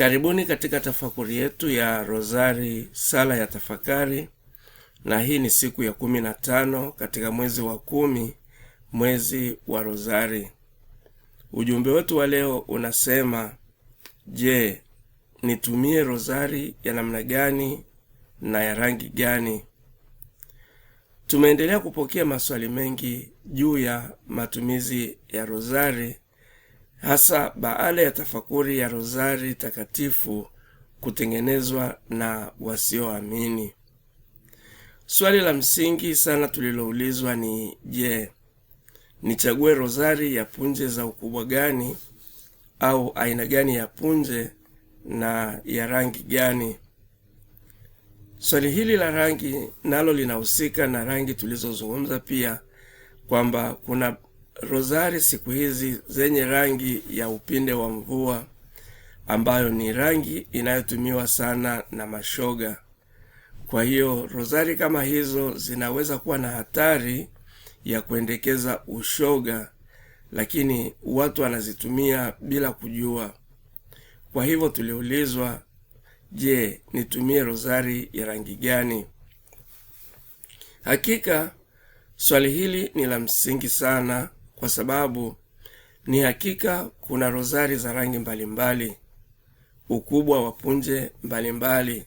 Karibuni katika tafakuri yetu ya rosari sala ya tafakari, na hii ni siku ya kumi na tano katika mwezi wa kumi, mwezi wa rosari Ujumbe wetu wa leo unasema, je, nitumie rosari ya namna gani na ya rangi gani? Tumeendelea kupokea maswali mengi juu ya matumizi ya rosari hasa baada ya tafakuri ya rozari takatifu kutengenezwa na wasioamini. Swali la msingi sana tuliloulizwa ni je, nichague rozari ya punje za ukubwa gani au aina gani ya punje na ya rangi gani? Swali hili la rangi nalo linahusika na rangi tulizozungumza pia, kwamba kuna Rozari siku hizi zenye rangi ya upinde wa mvua ambayo ni rangi inayotumiwa sana na mashoga. Kwa hiyo rozari kama hizo zinaweza kuwa na hatari ya kuendekeza ushoga, lakini watu wanazitumia bila kujua. Kwa hivyo tuliulizwa, je, nitumie rozari ya rangi gani? Hakika swali hili ni la msingi sana kwa sababu ni hakika kuna rozari za rangi mbalimbali mbali, ukubwa wa punje mbalimbali mbali,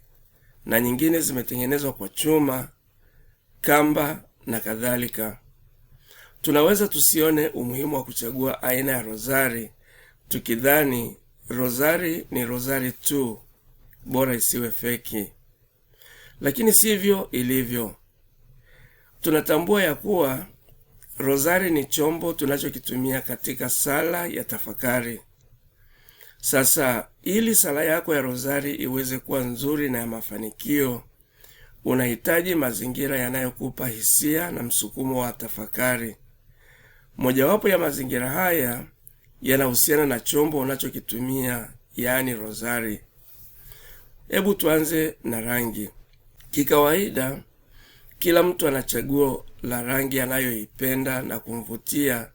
na nyingine zimetengenezwa kwa chuma kamba na kadhalika. Tunaweza tusione umuhimu wa kuchagua aina ya rozari tukidhani rozari ni rozari tu, bora isiwe feki, lakini sivyo ilivyo. Tunatambua ya kuwa Rozari ni chombo tunachokitumia katika sala ya tafakari. Sasa ili sala yako ya rozari iweze kuwa nzuri na ya mafanikio, unahitaji mazingira yanayokupa hisia na msukumo wa tafakari. Mojawapo ya mazingira haya yanahusiana na chombo unachokitumia, yaani rozari. Hebu tuanze na rangi. Kikawaida, kila mtu ana chaguo la rangi anayoipenda na kumvutia,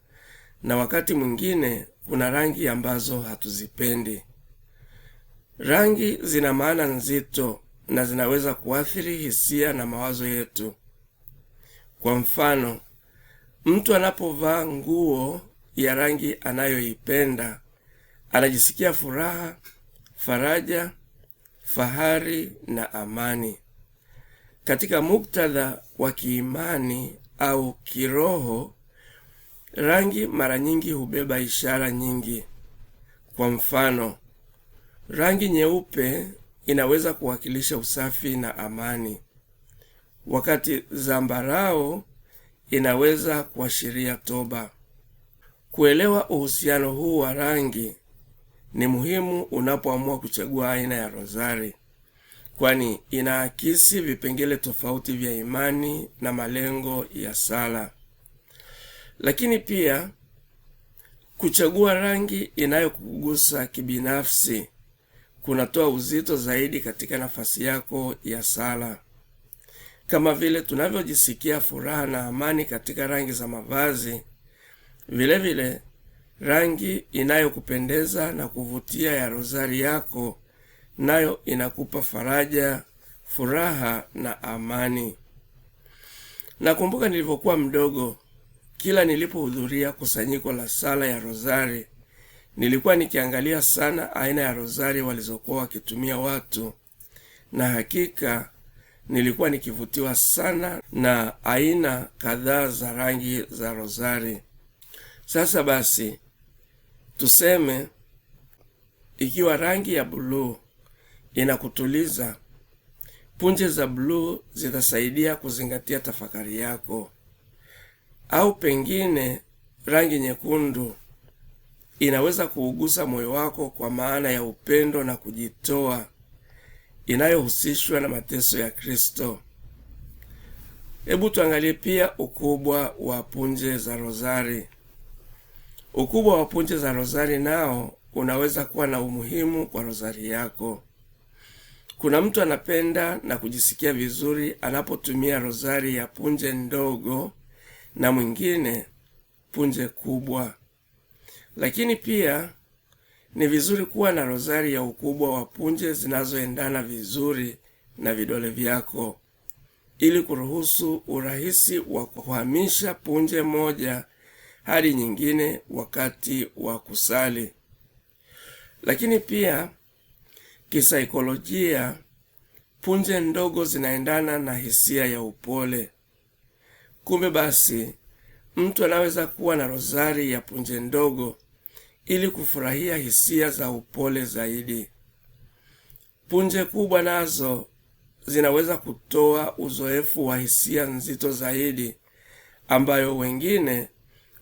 na wakati mwingine kuna rangi ambazo hatuzipendi. Rangi zina maana nzito na zinaweza kuathiri hisia na mawazo yetu. Kwa mfano, mtu anapovaa nguo ya rangi anayoipenda anajisikia furaha, faraja, fahari na amani. Katika muktadha wa kiimani au kiroho, rangi mara nyingi hubeba ishara nyingi. Kwa mfano, rangi nyeupe inaweza kuwakilisha usafi na amani, wakati zambarao inaweza kuashiria toba. Kuelewa uhusiano huu wa rangi ni muhimu unapoamua kuchagua aina ya rozari kwani inaakisi vipengele tofauti vya imani na malengo ya sala. Lakini pia kuchagua rangi inayokugusa kibinafsi kunatoa uzito zaidi katika nafasi yako ya sala, kama vile tunavyojisikia furaha na amani katika rangi za mavazi. Vilevile vile, rangi inayokupendeza na kuvutia ya rozari yako nayo inakupa faraja, furaha na amani. Nakumbuka nilivyokuwa mdogo, kila nilipohudhuria kusanyiko la sala ya rozari, nilikuwa nikiangalia sana aina ya rozari walizokuwa wakitumia watu, na hakika nilikuwa nikivutiwa sana na aina kadhaa za rangi za rozari. Sasa basi tuseme, ikiwa rangi ya buluu inakutuliza. Punje za bluu zitasaidia kuzingatia tafakari yako, au pengine rangi nyekundu inaweza kuugusa moyo wako kwa maana ya upendo na kujitoa inayohusishwa na mateso ya Kristo. Hebu tuangalie pia ukubwa wa punje za rozari. Ukubwa wa punje za rozari nao unaweza kuwa na umuhimu kwa rozari yako. Kuna mtu anapenda na kujisikia vizuri anapotumia rozari ya punje ndogo na mwingine punje kubwa, lakini pia ni vizuri kuwa na rozari ya ukubwa wa punje zinazoendana vizuri na vidole vyako ili kuruhusu urahisi wa kuhamisha punje moja hadi nyingine wakati wa kusali. Lakini pia Kisaikolojia, punje ndogo zinaendana na hisia ya upole. Kumbe basi, mtu anaweza kuwa na rozari ya punje ndogo ili kufurahia hisia za upole zaidi. Punje kubwa nazo zinaweza kutoa uzoefu wa hisia nzito zaidi, ambayo wengine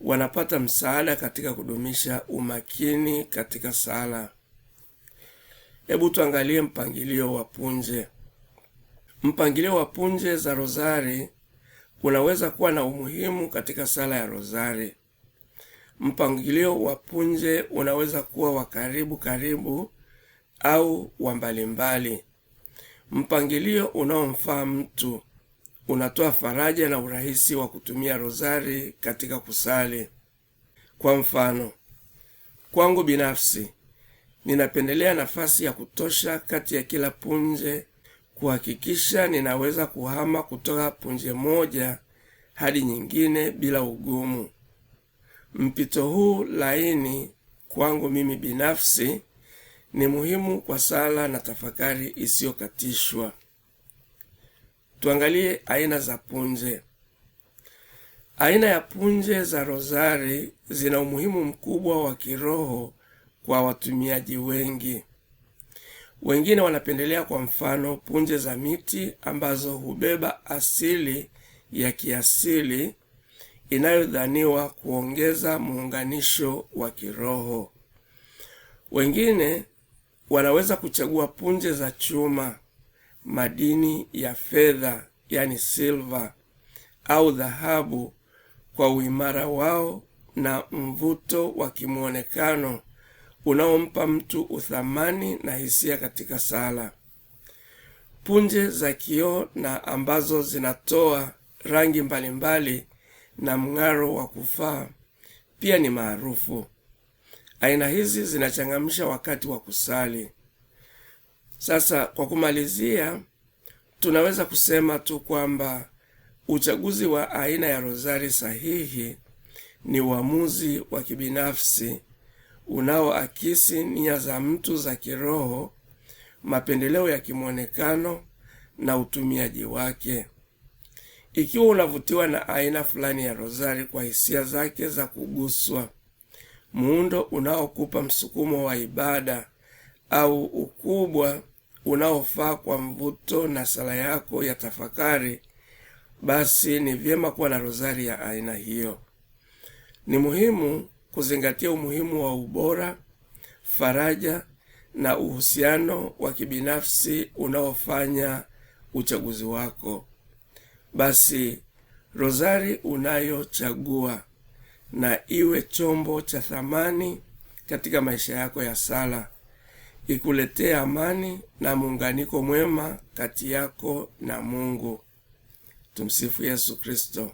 wanapata msaada katika kudumisha umakini katika sala. Hebu tuangalie mpangilio wa punje. Mpangilio wa punje za rozari unaweza kuwa na umuhimu katika sala ya rozari. Mpangilio wa punje unaweza kuwa wa karibu karibu au wa mbalimbali. Mpangilio unaomfaa mtu unatoa faraja na urahisi wa kutumia rozari katika kusali. Kwa mfano, kwangu binafsi Ninapendelea nafasi ya kutosha kati ya kila punje kuhakikisha ninaweza kuhama kutoka punje moja hadi nyingine bila ugumu. Mpito huu laini kwangu mimi binafsi ni muhimu kwa sala na tafakari isiyokatishwa. Tuangalie aina za punje. Aina ya punje za rozari zina umuhimu mkubwa wa kiroho kwa watumiaji wengi. Wengine wanapendelea kwa mfano punje za miti ambazo hubeba asili ya kiasili inayodhaniwa kuongeza muunganisho wa kiroho. Wengine wanaweza kuchagua punje za chuma, madini ya fedha, yani silva au dhahabu kwa uimara wao na mvuto wa kimwonekano unaompa mtu uthamani na hisia katika sala. Punje za kioo na ambazo zinatoa rangi mbalimbali mbali na mng'aro wa kufaa pia ni maarufu. Aina hizi zinachangamsha wakati wa kusali. Sasa kwa kumalizia, tunaweza kusema tu kwamba uchaguzi wa aina ya rozari sahihi ni uamuzi wa kibinafsi unaoakisi nia za mtu za kiroho, mapendeleo ya kimwonekano na utumiaji wake. Ikiwa unavutiwa na aina fulani ya rozari kwa hisia zake za kuguswa, muundo unaokupa msukumo wa ibada au ukubwa unaofaa kwa mvuto na sala yako ya tafakari, basi ni vyema kuwa na rozari ya aina hiyo. Ni muhimu kuzingatia umuhimu wa ubora, faraja na uhusiano wa kibinafsi unaofanya uchaguzi wako. Basi rozari unayochagua na iwe chombo cha thamani katika maisha yako ya sala, ikuletee amani na muunganiko mwema kati yako na Mungu. Tumsifu Yesu Kristo.